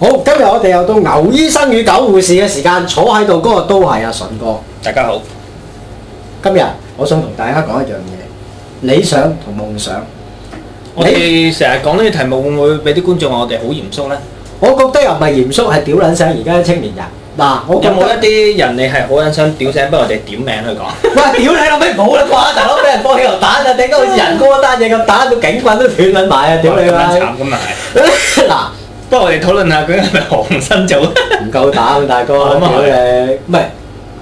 好，今日我哋又到牛醫生與狗護士嘅時間，坐喺度嗰個都係阿順哥。大家好，今日我想同大家講一樣嘢，理想同夢想。我哋成日講呢啲題目，會唔會俾啲觀眾話我哋好嚴肅咧？我覺得又唔係嚴肅，係屌撚聲。而家啲青年人，嗱，有冇一啲人你係好撚想屌聲，不如我哋點名去講。喂，屌你諗咩唔好啦啩？大佬俾人放汽油彈啊！頂佢好似人哥單嘢咁，打到警棍都斷撚埋啊！屌你啊！咁又係嗱。 不過我哋討論下佢係咪寒心做？唔夠膽啊大哥！咁啊佢哋唔係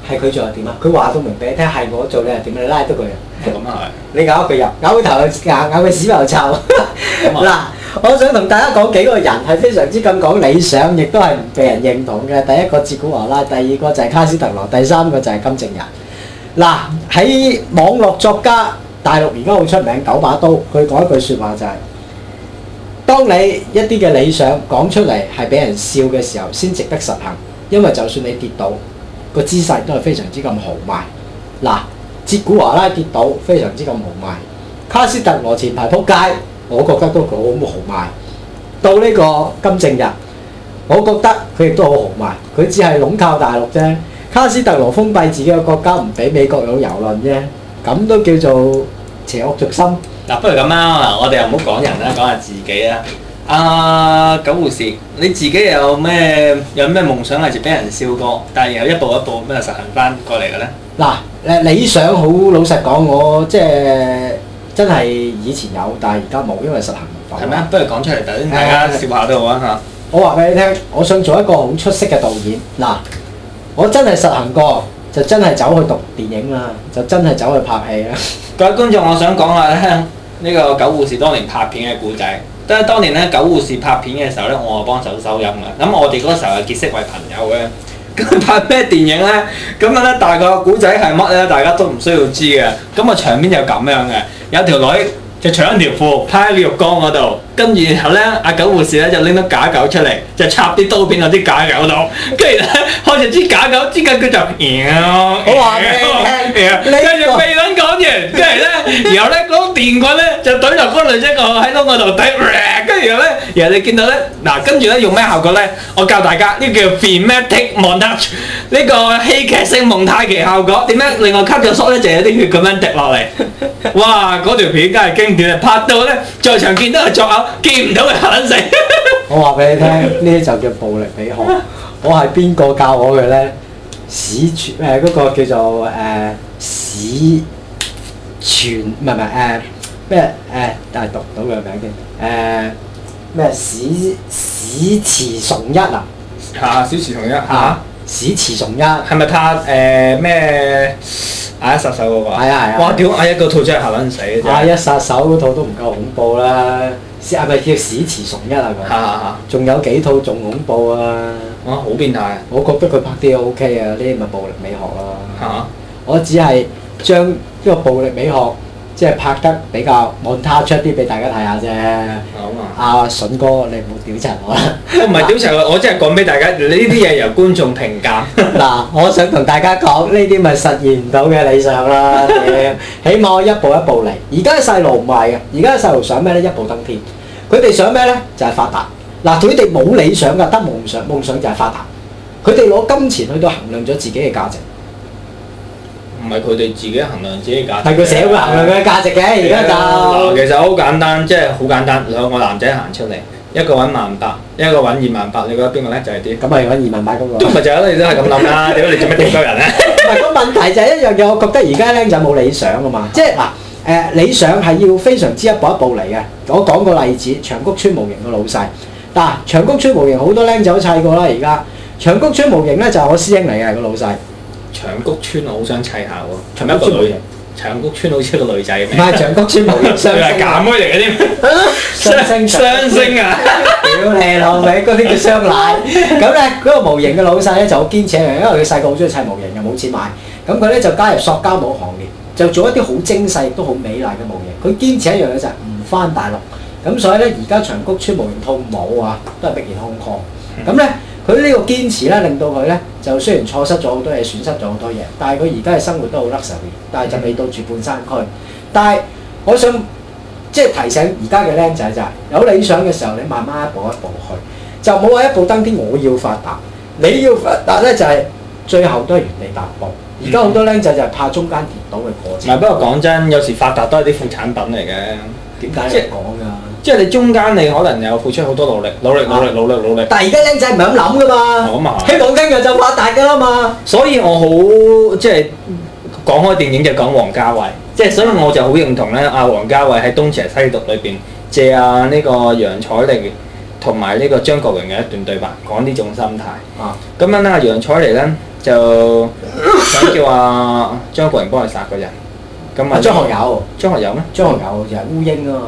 係佢做又點啊？佢話都明俾你聽係我做你又點啊？拉多個人係咁啊！你咬一個入，咬佢頭，咬咬佢屎忽又臭。嗱，我想同大家講幾個人係非常之咁講理想，亦都係唔被人認同嘅。第一個哲古華拉，第二個就係卡斯特羅，第三個就係金正日。嗱，喺網絡作家大陸而家好出名九把刀，佢講一句説話就係。當你一啲嘅理想講出嚟係俾人笑嘅時候，先值得實行。因為就算你跌倒，個姿勢都係非常之咁豪邁。嗱，捷古華拉跌倒非常之咁豪邁，卡斯特羅前排仆街，我覺得都好豪邁。到呢個金正日，我覺得佢亦都好豪邁，佢只係籠靠大陸啫。卡斯特羅封閉自己嘅國家，唔俾美國有郵輪啫，咁都叫做邪惡軸心。嗱、啊，不如咁樣啊！我哋又唔好講人啦，講下自己啊。啊，狗護士，你自己有咩有咩夢想啊？就俾人笑過，但係又一步一步咁樣實行翻過嚟嘅咧？嗱、啊，誒理想好老實講，我即係真係以前有，但係而家冇，因為實行唔到。係咩？不如講出嚟，大家笑下都好啊嚇、啊。我話俾你聽，我想做一個好出色嘅導演。嗱、啊，我真係實行過，就真係走去讀電影啦，就真係走去拍戲啦。各位觀眾，我想講下咧。呢個狗護士當年拍片嘅故仔，但係當年咧狗護士拍片嘅時候咧，我啊幫手收音啦。咁我哋嗰時候係結識為朋友嘅。咁 拍咩電影咧？咁咧，大個古仔係乜咧？大家都唔需要知嘅。咁、那、啊、個、場面就咁樣嘅，有一條女就搶條褲趴喺個浴缸嗰度，跟住然後咧，阿狗護士咧就拎到假狗出嚟，就插啲刀片落啲假狗度，跟住咧開始支假狗，接近佢就好我話跟住鼻撚講完。跟住咧，然後咧。電棍咧就懟落翻嚟，即係我喺窿嗰度懟，跟住然後咧，然後你見到咧，嗱跟住咧用咩效果咧？我教大家呢叫 filmatic montage，呢個戲劇性蒙太奇效果。點解令我吸咗縮咧？就有啲血咁樣滴落嚟。哇！嗰條片真係經典，拍到咧在場見到嘅作嘔，見唔到嘅嚇撚死。我話俾你聽，呢啲就叫暴力美學。我係邊個教我嘅咧？史傳誒嗰個叫做誒史。全唔係唔係誒咩，但係讀到佢個名叫誒咩史史慈崇一啊？係史慈崇一嚇！史慈崇一係咪拍誒咩阿一殺手嗰、那個啊？係啊哇屌阿一個套真係嚇撚死！阿、啊、一殺手嗰套、啊啊、套都唔夠恐怖啦！史阿唔係叫史慈崇一啊？佢仲、啊啊、有幾套仲恐怖啊！啊好變態！我覺得佢拍啲 O K 啊，呢啲咪暴力美學咯、啊、嚇！啊啊、我只係將。呢個暴力美學，即係拍得比較蒙太奇啲俾大家睇下啫。好啊、阿筍哥，你唔好屌柒我啦。唔係屌柒我，我真係講俾大家，呢啲嘢由觀眾評價。嗱， 我想同大家講，呢啲咪實現唔到嘅理想啦、嗯。起碼我一步一步嚟。而家啲細路唔係嘅，而家啲細路想咩咧？一步登天。佢哋想咩咧？就係、是、發達。嗱，佢哋冇理想㗎，得夢想。夢想就係發達。佢哋攞金錢去到衡量咗自己嘅價值。唔係佢哋自己衡量自己價值，係個社會衡量佢價值嘅。而家就其實好簡單，即係好簡單，兩個男仔行出嚟，一個揾萬八，一個揾二萬八，你覺得邊個叻就係、是、啲？咁係揾二萬八嗰個。咁咪就係你都係咁諗啦。點解你做乜咁多人咧？唔係個問題就係一樣嘢，我覺得而家僆仔冇理想㗎嘛。即係嗱，誒、呃、理想係要非常之一步一步嚟嘅。我講個例子，長谷村模型個老細嗱，長谷村模型好多僆仔都砌過啦。而家長谷村模型咧就係我師兄嚟嘅個老細。長谷川我好想砌下喎，長谷川好似一個女嘅，長谷川好似一個女仔咁。唔係長谷川模型，佢係 假妹嚟嘅添， 雙星，雙星啊！屌 你老味，嗰啲叫雙奶。咁咧嗰個模型嘅老細咧就好堅持一樣嘢，因為佢細個好中意砌模型，又冇錢買，咁佢咧就加入塑膠模行業，就做一啲好精細亦都好美麗嘅模型。佢堅持一樣嘢就係唔翻大陸，咁所以咧而家長谷川模型套模啊，都係逼然空殼。咁咧佢呢個堅持咧令到佢咧。就雖然錯失咗好多嘢，損失咗好多嘢，但係佢而家嘅生活都好甩實嘅，但係就未到住半山區。但係我想即係、就是、提醒而家嘅僆仔就係、是、有理想嘅時候，你慢慢一步一步去，就冇話一步登天。我要發達，你要發達咧，就係、是、最後都係原地踏步。而家好多僆仔就係怕中間跌倒嘅過程。唔係、嗯，不過講真，有時發達都係啲副產品嚟嘅。點解咁講嘅？就是即係你中間你可能又付出好多努力，努力努力努力努力。但係而家僆仔唔係咁諗噶嘛？咁啊，希望今日就發達噶啦嘛！所以我好即係講開電影就講王家衛，即係所以我就好認同咧阿王家衛喺《東邪西毒》裏邊借阿呢個楊采妮同埋呢個張國榮嘅一段對白，講呢種心態啊。咁樣咧，楊采妮咧就想叫阿張國榮幫佢殺個人。咁啊，張學友，張學友咩？張學友就係烏蠅啊！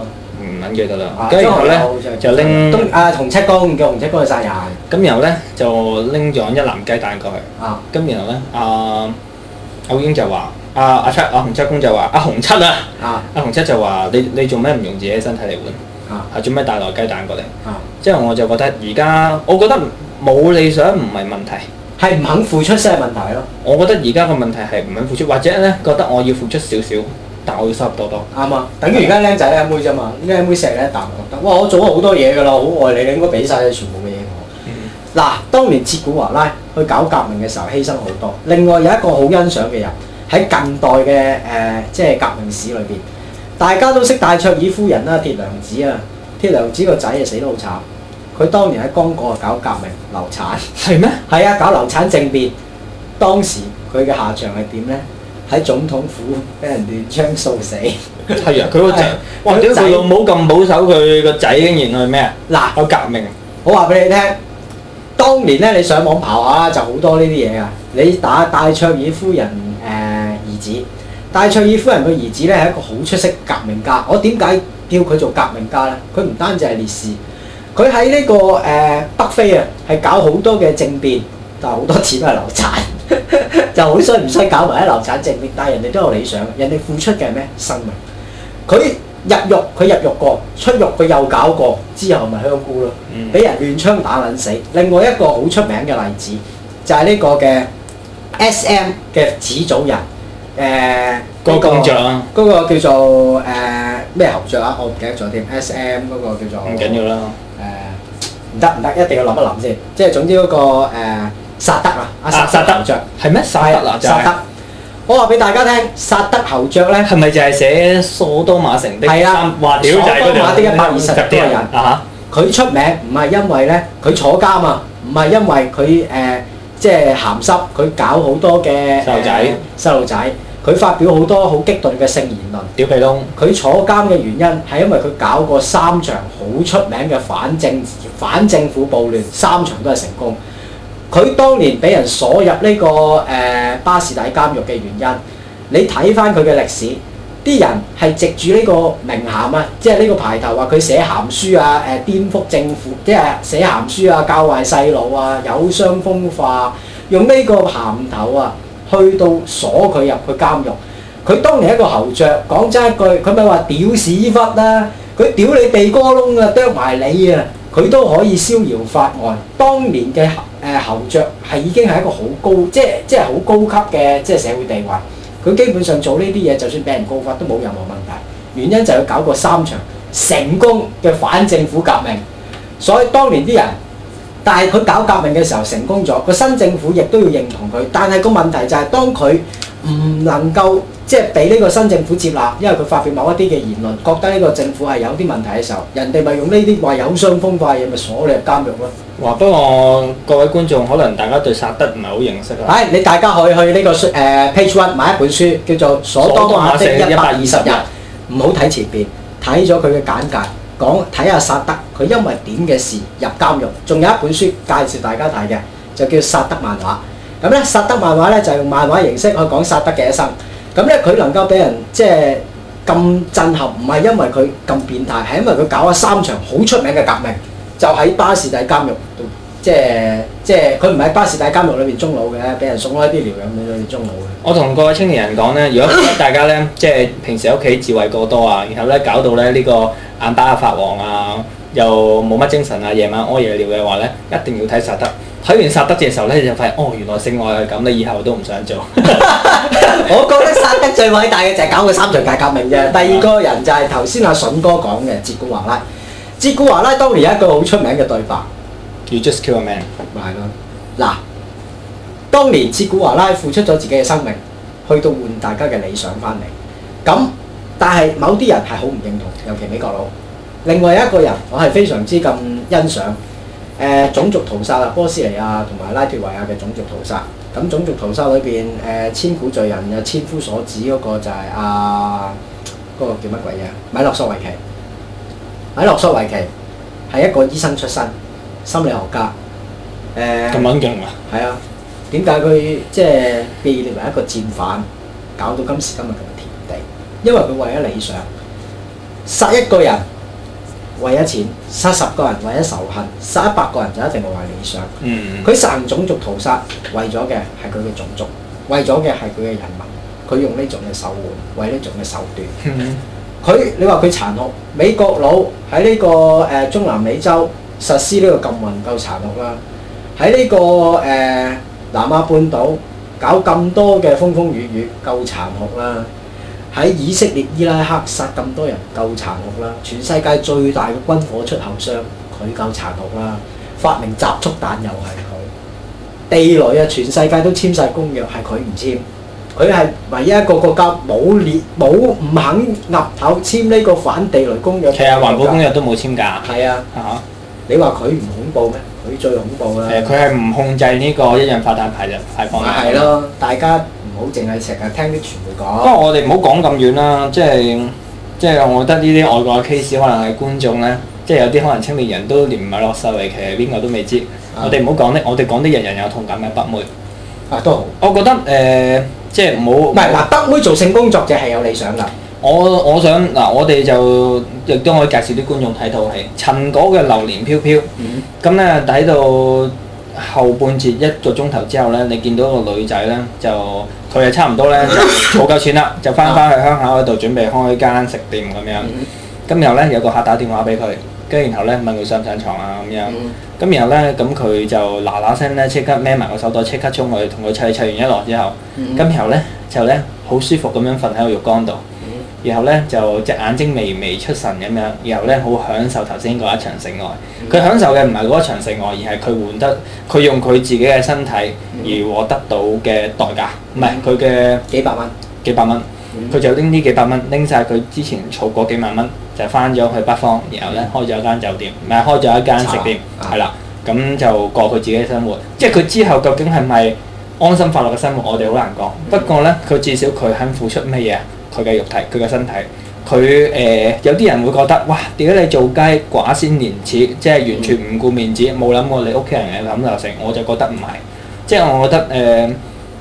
唔撚記得啦，跟住咧就拎拿阿、啊、洪七公叫洪七公去殺人，咁然後咧就拎咗一籃雞蛋過去，咁、啊、然後咧阿歐英就話：阿、啊、阿、啊、七，阿洪七公就話：阿、啊、洪七啊，阿、啊啊、洪七就話：你你做咩唔用自己身體嚟換？啊，做咩帶來雞蛋過嚟？啊，即係我就覺得而家，我覺得冇理想唔係問題，係唔肯付出先係問題咯。我覺得而家嘅問題係唔肯付出，或者咧覺得我要付出少少。但我要收入多多，啱啊！等於而家靚仔靚妹啫嘛，靚妹錫你一啖就得。哇！我做咗好多嘢噶啦，好愛你，你應該俾晒你全部嘅嘢我。嗱、嗯，當年捷古華拉去搞革命嘅時候，犧牲好多。另外有一個好欣賞嘅人，喺近代嘅誒，即、呃、係革命史裏邊，大家都識戴卓爾夫人啦，鐵娘子啊，鐵娘子個仔啊死得好慘。佢當年喺剛果搞革命流產，係咩嗎？係啊，搞流產政變，當時佢嘅下場係點咧？喺總統府俾人亂槍掃死，係啊！佢個仔， 或者佢老母咁保守，佢個仔竟然係咩喇啊？嗱，革命！我話俾你聽，當年咧你上網刨下就好多呢啲嘢啊！你打戴卓爾夫人誒兒、呃、子，戴卓爾夫人嘅兒子咧係一個好出色革命家。我點解叫佢做革命家咧？佢唔單止係烈士，佢喺呢個誒、呃、北非啊，係搞好多嘅政變，但係好多錢都係流產。就好衰唔衰搞埋喺流產證明，但係人哋都有理想，人哋付出嘅係咩生命？佢入獄，佢入獄過，出獄佢又搞過，之後咪香菇咯，俾人亂槍打撚死。另外一個好出名嘅例子就係呢個嘅 S M 嘅始祖人，誒嗰個嗰個叫做誒咩侯爵啊？我唔記得咗添，S M 嗰個叫做唔緊要啦，誒唔得唔得，一定要諗一諗先，即係總之嗰個誒。薩德啊！阿薩德，德侯爵係咩？薩嗎德啊！是就係、是、薩德。我話俾大家聽，薩德侯爵咧係咪就係寫《索多馬城的》的啊，話？屌仔一百二十嗰條啊！佢出名唔係因為咧，佢坐監啊，唔係因為佢誒即係鹹濕，佢搞好多嘅。細路仔，細路仔，佢發表好多好激進嘅性言論。屌皮窿！佢坐監嘅原因係因為佢搞過三場好出名嘅反政反政府暴亂，三場都係成功。佢當年俾人鎖入呢個誒巴士底監獄嘅原因，你睇翻佢嘅歷史，啲人係藉住呢個名銜啊，即係呢個牌頭話佢寫鹹書啊，誒顛覆政府，即係寫鹹書啊，教壞細路啊，有傷風化，用呢個銜頭啊，去到鎖佢入去監獄。佢當年一個侯爵，講真一句，佢咪話屌屎忽啦，佢屌你鼻哥窿啊，啄埋你啊！佢都可以逍遙法外。當年嘅誒、呃、侯爵係已經係一個好高，即係即係好高級嘅即係社會地位。佢基本上做呢啲嘢，就算俾人告發都冇任何問題。原因就係佢搞過三場成功嘅反政府革命，所以當年啲人，但係佢搞革命嘅時候成功咗，個新政府亦都要認同佢。但係個問題就係、是、當佢唔能夠。即係俾呢個新政府接納，因為佢發表某一啲嘅言論，覺得呢個政府係有啲問題嘅時候，人哋咪用呢啲話有傷風化嘢，咪鎖你入監獄咯。哇！不過各位觀眾，可能大家對薩德唔係好認識啊。係、哎、你大家可以去呢個誒、呃、Page One 買一本書，叫做《索多瑪的一百二十日》，唔好睇前邊，睇咗佢嘅簡介，講睇下薩德佢因為點嘅事入監獄。仲有一本書介紹大家睇嘅就叫薩德漫畫，咁咧薩德漫畫咧就是、用漫畫形式去講薩德嘅一生。咁咧，佢、嗯、能夠俾人即係咁震撼，唔係因為佢咁變態，係因為佢搞咗三場好出名嘅革命，就喺巴士底監獄度，即係即係佢唔喺巴士底監獄裏邊終老嘅，俾人送開啲療養院去終老嘅。我同各位青年人講咧，如果大家咧即係平時屋企自慰過多啊，然後咧搞到咧呢個眼白啊發黃啊，又冇乜精神啊，晚夜晚屙夜尿嘅話咧，一定要睇薩德。睇完薩德字嘅時候咧，你就發現哦，原來性愛係咁咧，以後都唔想做。我覺得薩德最偉大嘅就係搞個三場大革命啫。第二個人就係頭先阿筍哥講嘅捷古華拉。捷古華拉當年有一句好出名嘅對白：You just kill a man。咪係咯。嗱，當年捷古華拉付出咗自己嘅生命，去到換大家嘅理想翻嚟。咁，但係某啲人係好唔認同，尤其美國佬。另外一個人，我係非常之咁欣賞。誒種族屠殺啊，波斯尼亞同埋拉脫維亞嘅種族屠殺。咁種族屠殺裏邊，誒、呃、千古罪人啊，千夫所指嗰個就係、係、啊嗰、嗰個叫乜鬼嘢？米洛索維奇。米洛索維奇係一個醫生出身，心理學家。咁猛勁啊！係啊，點解佢即係被列為一個戰犯，搞到今時今日咁嘅田地？因為佢為咗理想，殺一個人。為咗錢殺十個人，為咗仇恨殺一百個人就一定係為理想。佢實行種族屠殺，為咗嘅係佢嘅種族，為咗嘅係佢嘅人民。佢用呢種嘅手腕，為呢種嘅手段。佢、mm hmm. 你話佢殘酷，美國佬喺呢個誒、呃、中南美洲實施呢個禁運夠殘酷啦，喺呢、這個誒、呃、南亞半島搞咁多嘅風風雨雨，雨夠殘酷啦。喺以色列伊拉克殺咁多人夠殘酷啦！全世界最大嘅軍火出口商佢夠殘酷啦！發明集束彈又係佢！地雷啊！全世界都簽晒公約係佢唔簽，佢係唯一一個國家冇列冇唔肯立頭簽呢個反地雷公約，公約。其實環保公約都冇簽㗎。係啊，嚇、uh！Huh. 你話佢唔恐怖咩？佢最恐怖啦！佢係唔控制呢、這個一氧化碳排入排放。咪係咯，大家。好，淨係成日聽啲傳媒講。不過我哋唔好講咁遠啦，即係即係我覺得呢啲外國嘅 case 可能係觀眾咧，即係有啲可能青年人都連唔埋落晒圍，其實邊個都未知。我哋唔好講啲，我哋講啲人人有同感嘅北妹。啊，都好。我覺得誒、呃，即係唔好。唔係嗱，我北妹做性工作者係有理想噶。我我想嗱、啊，我哋就亦都可以介紹啲觀眾睇套戲《陳果嘅榴槤飄飄》。嗯。咁咧，喺度。後半節一個鐘頭之後咧，你見到個女仔咧，就佢係差唔多咧，就儲夠錢啦，就翻返去鄉下嗰度準備開間食店咁樣。咁、嗯、然後咧有個客打電話俾佢，跟住然後咧問佢上唔上床啊咁樣。咁、嗯、然後咧咁佢就嗱嗱聲咧，即刻孭埋個手袋，即刻衝去同佢砌砌完一落之後，咁、嗯、然後咧就咧好舒服咁樣瞓喺個浴缸度。然後咧就隻眼睛微微出神咁樣，然後咧好享受頭先嗰一場性愛。佢、嗯、享受嘅唔係嗰一場性愛，而係佢換得佢用佢自己嘅身體而獲得到嘅代價，唔係佢嘅幾百蚊。幾百蚊，佢、嗯、就拎呢幾百蚊，拎晒佢之前儲過幾萬蚊，就翻咗去北方，然後咧、嗯、開咗間酒店，唔係開咗一間食店，係啦，咁、啊、就過佢自己嘅生活。即係佢之後究竟係咪安心快樂嘅生活，我哋好難講。嗯、不過咧，佢至少佢肯付出咩嘢？佢嘅肉體，佢嘅身體，佢誒、呃、有啲人會覺得，哇！點解你做雞寡先廉恥，即係完全唔顧面子，冇諗過你屋企人嘅諗法性，我就覺得唔係，即係我覺得誒、呃、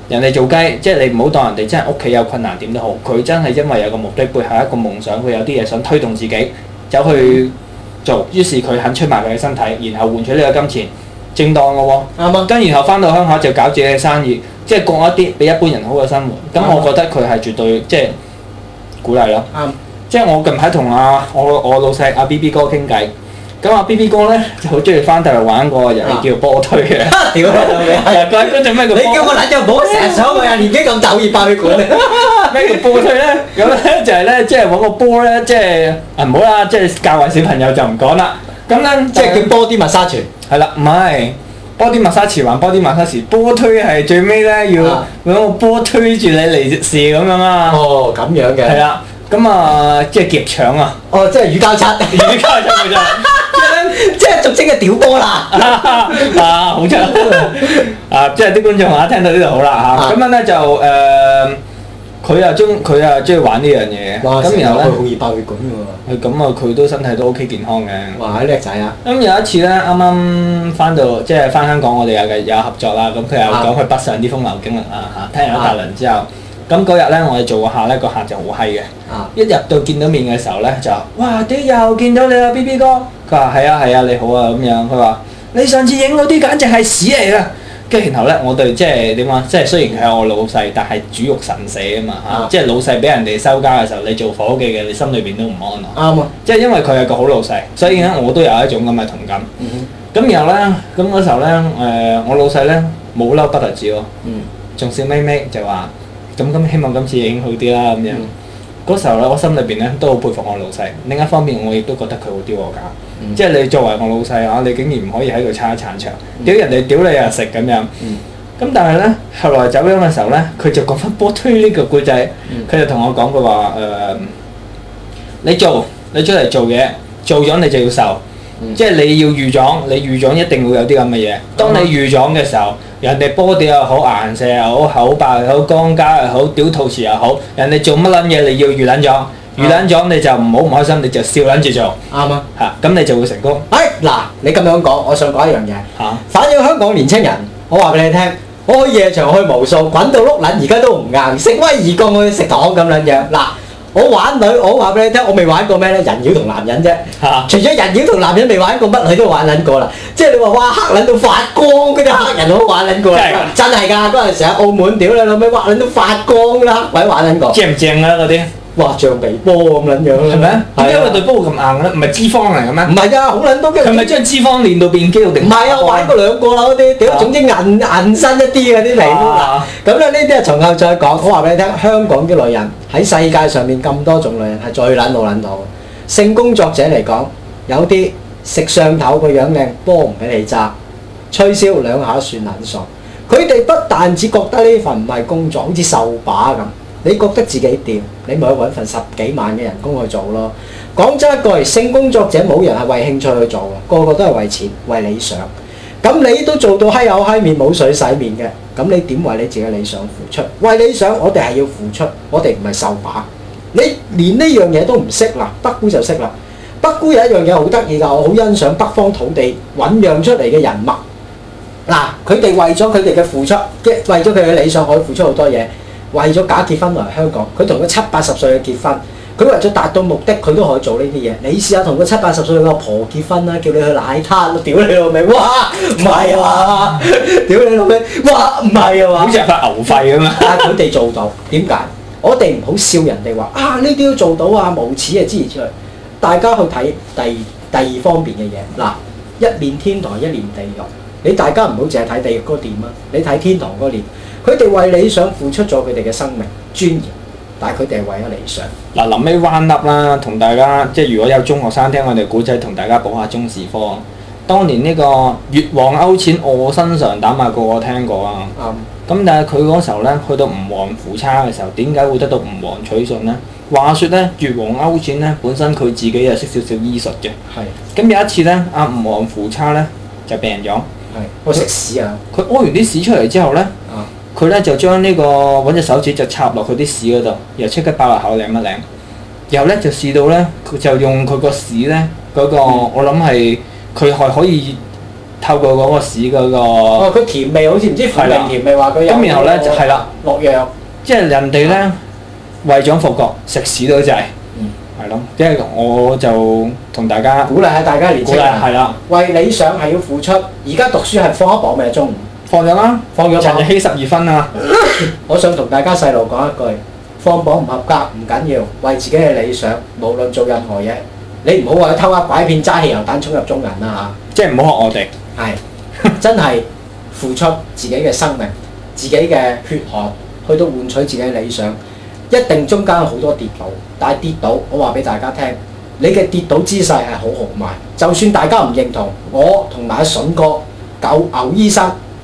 人哋做雞，即係你唔好當人哋真係屋企有困難點都好，佢真係因為有個目的背後一個夢想，佢有啲嘢想推動自己走去做，於是佢肯出賣佢嘅身體，然後換取呢個金錢，正當咯喎、哦，啱啊吧，跟然後返到鄉下就搞自己嘅生意，即係過一啲比一般人好嘅生活，咁吧我覺得佢係絕對即係。鼓勵咯，嗯、即係我近排同阿我我老細阿、啊、B B 哥傾偈，咁阿 B B 哥咧就好中意翻嚟玩個遊戲叫波推嘅。屌你老做咩？ 你叫我撚做波石手嘅 人，年紀咁大易爆血管咧？咩叫波推咧？咁咧就係咧，即係揾個波咧，即、就、係、是、啊唔好啦，即、就、係、是、教壞小朋友就唔講啦。咁咧即係叫波啲咪沙傳，係啦、 嗯，唔係。波啲墨沙匙還波啲墨沙匙，波推係最尾咧，要用個波推住你嚟射咁樣啊。哦，咁樣嘅。係啦，咁啊，即係夾搶啊。哦，即係魚膠漆。魚膠漆咪就係，即係俗稱嘅屌波啦。啊，好正啊！啊，即係啲觀眾話聽到呢度好啦嚇。咁樣咧就誒。佢啊中佢啊中意玩呢樣嘢，咁哇然後咧，佢好易爆血管喎。係咁啊，佢都身體都 O、OK、K 健康嘅。哇！係叻仔啊！咁、嗯嗯、有一次咧，啱啱翻到即係翻香港我，我哋有嘅有合作啦。咁佢又講去北上啲風流經歷啊嚇，聽完阿達倫之後，咁嗰日咧我哋做客、嗰個客咧，個客就好閪嘅。一入到見到面嘅時候咧，就哇屌又見到你啊 B B 哥！佢話係啊係啊你好啊咁樣，佢話你上次影嗰啲簡直係屎嚟啦！跟住然後咧，我對即係點啊？即係雖然係我老細，但係主辱臣死啊嘛嚇！即係老細俾人哋收家嘅時候，你做夥計嘅，你心裏邊都唔安啊！啱啊！即係因為佢係個好老細，所以咧我都有一種咁嘅同感。咁、嗯、哼然後咧，咁嗰時候咧，誒、呃、我老細咧冇嬲不特止喎，仲、嗯、笑眯眯就話：咁、嗯、咁希望今次影好啲啦咁樣。嗰、嗯、時候咧，我心裏邊咧都好佩服我老細。另一方面，我亦都覺得佢好啲喎，假、嗯。嗯即係你作為我老細啊，你竟然唔可以喺度撐一撐場，屌人哋屌你啊食咁樣。咁但係呢，後來走咗嘅時候呢，佢就講翻波推呢個故仔，佢就同我講佢話誒，你做你出嚟做嘢，做咗你就要受，嗯、即係你要預撞，你預撞一定會有啲咁嘅嘢。當你預撞嘅時候，人哋波跌又好，顏射又好，口爆又好，肛交又好，屌陶瓷又好，人哋做乜撚嘢，你要預撚撞。遇撚咗你就唔好唔開心，你就笑撚住做。啱啊，嚇咁、啊、你就會成功。哎嗱，你咁樣講，我想講一樣嘢嚇。啊、反映香港年青人，我話俾你聽，我去夜場去無數，滾到碌撚，而家都唔硬，食威而鋼，去食糖咁撚樣。嗱、啊，我玩女，我話俾你聽，我未玩過咩咧？人妖同男人啫。嚇、啊！除咗人妖同男人未玩過，乜女都玩撚過啦。即係你話哇，黑撚到發光嗰啲黑人，我玩撚過。啊、真係㗎，真係嗰陣時喺澳門，屌你老味，挖撚到發光嘅黑鬼玩撚過。正唔正啊？嗰啲？哇！像鼻波咁撚樣啦，係咪嗎啊？點解個對波咁硬咧？唔係脂肪嚟嘅咩？唔係啊，好撚多嘅。佢咪將脂肪練到變肌肉定？唔係啊，我玩過兩個啦啲，屌！總之硬硬、啊、身一啲嘅啲嚟。皮膚。咁咧呢啲啊，從後再講。我話俾你聽，香港啲女人喺世界上面咁多種女人係最撚到撚到。性工作者嚟講，有啲食上頭個樣靚，波唔俾你揸，吹簫兩下算撚爽。佢哋不但只覺得呢份唔係工作，好似受把咁。你覺得自己掂，你咪去揾份十幾萬嘅人工去做咯。講真一句，性工作者冇人係為興趣去做嘅，個個都係為錢、為理想。咁你都做到閪口閪面冇水洗面嘅，咁你點為你自己嘅理想付出？為理想，我哋係要付出，我哋唔係受把。你連呢樣嘢都唔識啦，北姑就識啦。北姑有一樣嘢好得意㗎，我好欣賞北方土地醖釀出嚟嘅人物。嗱，佢哋為咗佢哋嘅付出，嘅為咗佢嘅理想，可以付出好多嘢。為咗假結婚嚟香港，佢同個七八十歲嘅結婚，佢為咗達到目的，佢都可以做呢啲嘢。你試下同個七八十歲嘅阿婆結婚啦，叫你去攋攤，屌你老味！哇，唔係啊嘛，屌、啊、 你老味！哇，唔係啊嘛，好似係發牛肺咁啊！佢哋做到點解？我哋唔好笑人哋話啊，呢啲要做到啊，無恥啊之類之類。大家去睇第第二方面嘅嘢嗱，一面天堂，一面地，地獄。你大家唔好淨係睇地獄嗰個點啊，你睇天堂嗰個點。佢哋為理想付出咗佢哋嘅生命尊嚴，但係佢哋係為咗理想嗱。臨尾彎粒啦，同大家即係，如果有中學生聽我哋古仔，同大家補下中史科。當年呢個越王勾踐，我身上打馬個我聽過啊。咁、嗯、但係佢嗰時候咧，去到吳王夫差嘅時候，點解會得到吳王取信呢？話説咧，越王勾踐咧，本身佢自己又識少，少少醫術嘅。係是。咁有一次咧，阿吳王夫差咧就病咗，係。我食屎啊！佢屙完啲屎出嚟之後咧。佢咧 就將呢個揾隻手指就插落佢啲屎嗰度，又即刻爆下口舐一舐，然後咧就試到咧，佢就用佢個屎咧嗰個，嗯、我諗係佢係可以透過嗰個屎嗰個。哦，佢甜味好似唔知負面甜味話佢有。咁的然後咧就係啦，落藥的。下藥 即係人哋咧、嗯、為咗復國，食屎都制、就是，係咯的。即係我就同大家鼓勵下大家年青人，係啦。為理想係要付出，而家讀書係放一磅未夠鍾。放咗啦、啊，放陳日希十二分啊！ 我想同大家細路講一句：放榜唔合格唔緊要，為自己嘅理想，無論做任何嘢，你唔好話偷呃拐騙，揸汽油彈衝入中人啦、啊、嚇。即係唔好學我哋係 真係付出自己嘅生命、自己嘅血汗，去到換取自己嘅理想，一定中間有好多跌倒，但係跌倒，我話俾大家聽，你嘅跌倒姿勢係好豪邁。就算大家唔認同我同埋阿筍哥、狗牛，牛醫生。